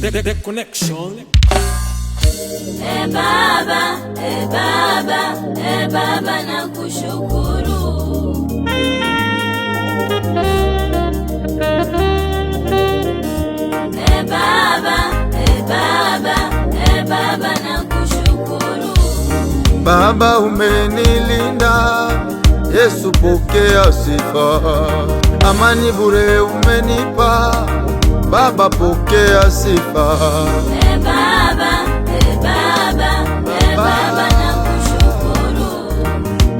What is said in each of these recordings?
The, the, the connection. E Baba, e Baba, e Baba nakushukuru. E Baba, e Baba, e Baba nakushukuru. Baba umenilinda, Yesu pokea sifa. Amani bure umenipa Baba, pokea sifa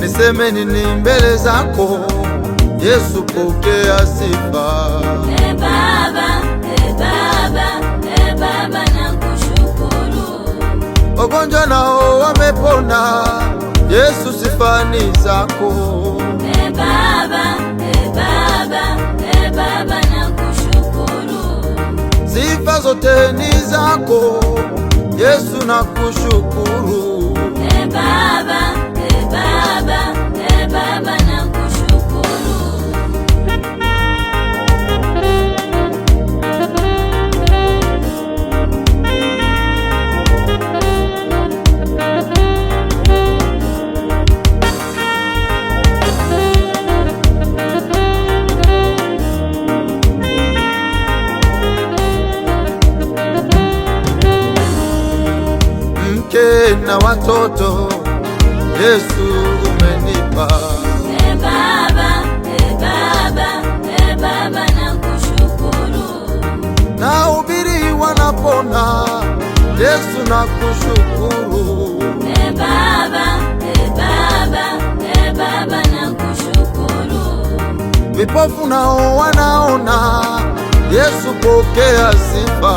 Niseme nini mbele zako Yesu, pokea sifa e Baba, Wagonjwa nao wamepona Yesu, sifa ni zako zote ni zako Yesu, nakushukuru. Hey, ee Baba na watoto Yesu umenipa. E Baba, e Baba, e Baba E Baba, e Baba, na kushukuru. nakushukuru. Vipofu nao wanaona Yesu pokea sifa.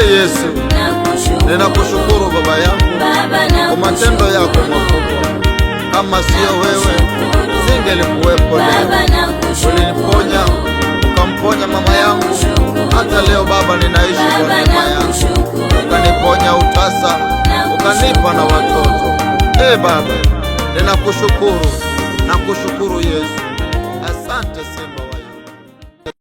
Ee Yesu, ninakushukuru baba yangu kwa matendo yako makubwa. Kama siyo wewe, singelikuwepo leo. Uliniponya, ukamponya mama yangu. Hata leo Baba, ninaishi kwa neema yako. Ukaniponya utasa, ukanipa na watoto. Ee Baba, ninakushukuru, nakushukuru Yesu. Asante Simba.